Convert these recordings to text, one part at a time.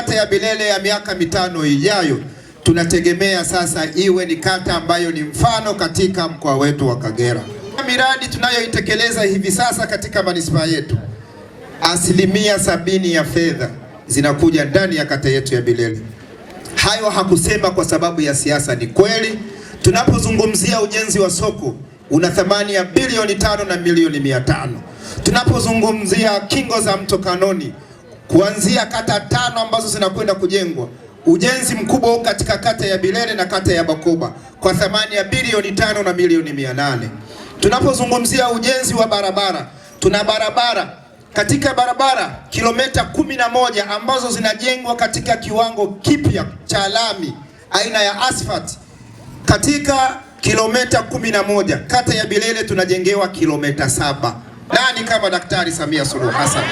Kata ya Bilele ya miaka mitano ijayo tunategemea sasa iwe ni kata ambayo ni mfano katika mkoa wetu wa Kagera. Miradi tunayoitekeleza hivi sasa katika manispaa yetu, asilimia sabini ya fedha zinakuja ndani ya kata yetu ya Bilele. Hayo hakusema kwa sababu ya siasa, ni kweli. Tunapozungumzia ujenzi wa soko una thamani ya bilioni tano na milioni mia tano. Tunapozungumzia kingo za mto Kanoni kuanzia kata tano ambazo zinakwenda kujengwa. Ujenzi mkubwa huko katika kata ya Bilele na kata ya Bakoba kwa thamani ya bilioni tano na milioni mia nane. Tunapozungumzia ujenzi wa barabara, tuna barabara katika barabara kilomita kumi na moja ambazo zinajengwa katika kiwango kipya cha lami aina ya asphalt. Katika kilomita kumi na moja kata ya Bilele tunajengewa kilomita saba. Nani kama Daktari Samia Suluhu Hassan?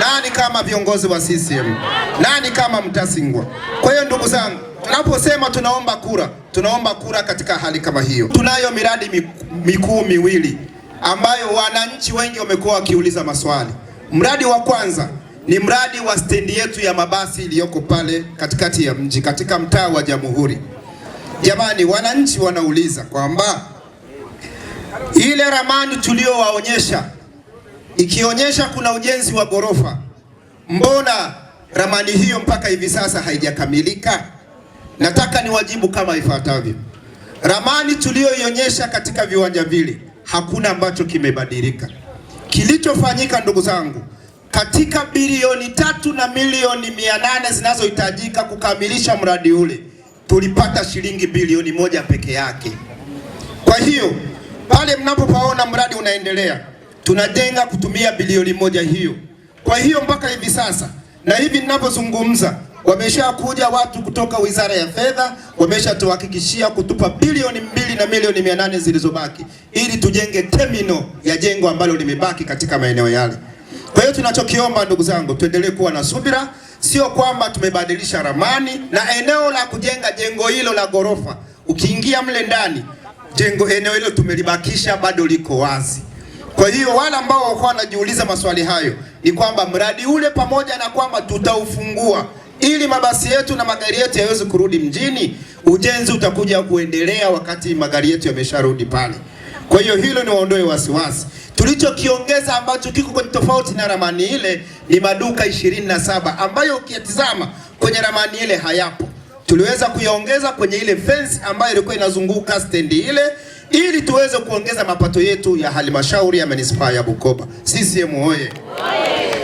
nani kama viongozi wa CCM? Nani kama Mtasingwa? Kwa hiyo ndugu zangu, tunaposema tunaomba kura, tunaomba kura katika hali kama hiyo. Tunayo miradi mikuu miwili ambayo wananchi wengi wamekuwa wakiuliza maswali. Mradi wa kwanza ni mradi wa stendi yetu ya mabasi iliyoko pale katikati ya mji katika mtaa wa Jamhuri. Jamani, wananchi wanauliza kwamba ile ramani tuliyowaonyesha ikionyesha kuna ujenzi wa ghorofa. Mbona ramani hiyo mpaka hivi sasa haijakamilika? Nataka niwajibu kama ifuatavyo. Ramani tuliyoionyesha katika viwanja vile hakuna ambacho kimebadilika. Kilichofanyika ndugu zangu, katika bilioni tatu na milioni mia nane zinazohitajika kukamilisha mradi ule tulipata shilingi bilioni moja peke yake. Kwa hiyo pale mnapopaona mradi unaendelea tunajenga kutumia bilioni moja hiyo. Kwa hiyo mpaka hivi sasa na hivi ninavyozungumza, wameshakuja watu kutoka Wizara ya Fedha, wameshatuhakikishia kutupa bilioni mbili na milioni mia nane zilizobaki ili tujenge terminal ya jengo ambalo limebaki katika maeneo yale. Kwa hiyo tunachokiomba ndugu zangu, tuendelee kuwa na subira, sio kwamba tumebadilisha ramani na eneo la kujenga jengo hilo la ghorofa. Ukiingia mle ndani jengo, eneo hilo tumelibakisha bado liko wazi. Kwa hiyo wale ambao walikuwa wanajiuliza maswali hayo, ni kwamba mradi ule pamoja na kwamba tutaufungua ili mabasi yetu na magari yetu yaweze kurudi mjini, ujenzi utakuja kuendelea wakati magari yetu yamesharudi pale. Kwa hiyo hilo ni waondoe wasiwasi. Tulichokiongeza ambacho kiko kwenye tofauti na ramani ile ni maduka 27 ambayo ukiyatizama kwenye ramani ile hayapo. Tuliweza kuyaongeza kwenye ile fence ambayo ilikuwa inazunguka stendi ile ili tuweze kuongeza mapato yetu ya halmashauri ya manispaa ya Bukoba. CCM oye!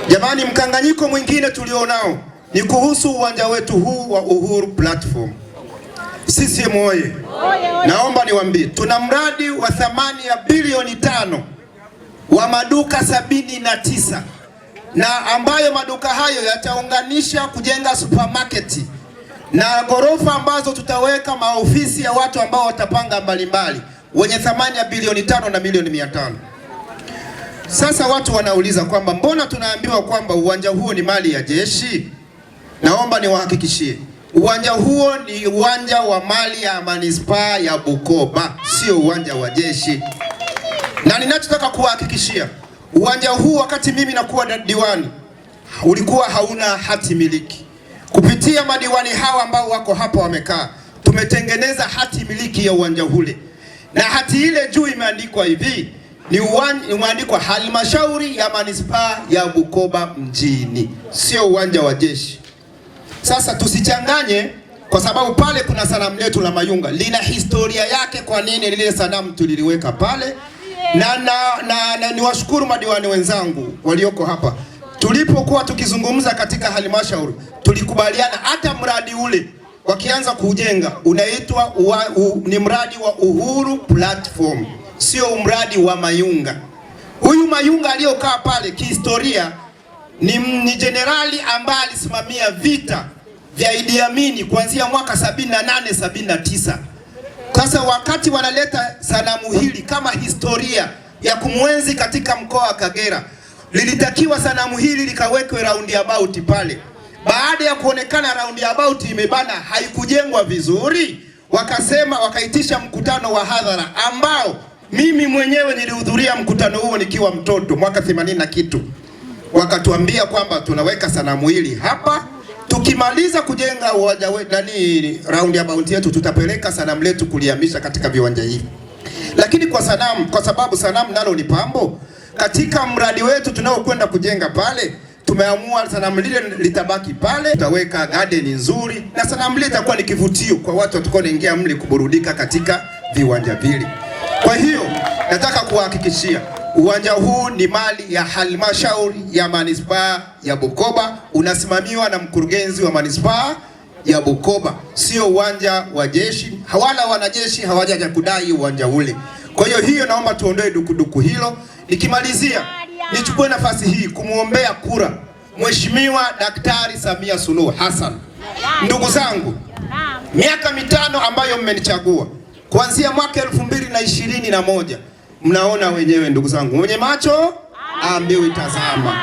Jamani, mkanganyiko mwingine tulionao ni kuhusu uwanja wetu huu wa Uhuru Platform. CCM oye! Naomba niwaambie, tuna mradi wa thamani ya bilioni tano wa maduka sabini na tisa na ambayo maduka hayo yataunganisha kujenga supermarket na ghorofa ambazo tutaweka maofisi ya watu ambao watapanga mbalimbali mbali wenye thamani ya bilioni tano na milioni mia tano. Sasa watu wanauliza kwamba mbona tunaambiwa kwamba uwanja huo ni mali ya jeshi? Naomba niwahakikishie uwanja huo ni uwanja wa mali ya manispaa ya Bukoba, sio uwanja wa jeshi. Na ninachotaka kuwahakikishia uwanja huu, wakati mimi nakuwa na diwani, ulikuwa hauna hati miliki. Kupitia madiwani hawa ambao wako hapa wamekaa, tumetengeneza hati miliki ya uwanja ule na hati ile juu imeandikwa hivi ni umeandikwa halmashauri ya manispaa ya Bukoba mjini, sio uwanja wa jeshi. Sasa tusichanganye, kwa sababu pale kuna sanamu letu la Mayunga, lina historia yake. Kwa nini lile sanamu tuliliweka pale? Na, na, na, na niwashukuru madiwani wenzangu walioko hapa, tulipokuwa tukizungumza katika halmashauri tulikubaliana hata mradi ule wakianza kujenga unaitwa ni mradi wa Uhuru Platform, sio mradi wa Mayunga. Huyu Mayunga aliyokaa pale kihistoria ni, ni jenerali ambaye alisimamia vita vya Idi Amin kuanzia mwaka 78 79. Sasa wakati wanaleta sanamu hili kama historia ya kumwenzi katika mkoa wa Kagera, lilitakiwa sanamu hili likawekwe roundabout pale baada ya kuonekana roundabout imebana, haikujengwa vizuri, wakasema wakaitisha mkutano wa hadhara ambao mimi mwenyewe nilihudhuria mkutano huo nikiwa mtoto mwaka 80 na kitu. Wakatuambia kwamba tunaweka sanamu hili hapa, tukimaliza kujenga uwanja wetu nani roundabout yetu, tutapeleka sanamu letu kuliamisha katika viwanja hivi. Lakini kwa sanamu, kwa sababu sanamu nalo ni pambo katika mradi wetu tunaokwenda kujenga pale tumeamua sanamu lile litabaki pale, tutaweka garden nzuri na sanamu lile itakuwa ni kivutio kwa watu watakaoingia mle kuburudika katika viwanja vile. Kwa hiyo nataka kuwahakikishia uwanja huu ni mali ya halmashauri ya manispaa ya Bukoba, unasimamiwa na mkurugenzi wa manispaa ya Bukoba, sio uwanja wa jeshi. Hawala wanajeshi hawajaja kudai uwanja ule. Kwa hiyo hiyo, naomba tuondoe dukuduku hilo. Nikimalizia nichukue nafasi hii kumwombea kura Mheshimiwa Daktari Samia Suluhu Hassan. Ndugu zangu, miaka mitano ambayo mmenichagua kuanzia mwaka elfu mbili na ishirini na moja mnaona wenyewe ndugu zangu, mwenye macho ambiwe tazama.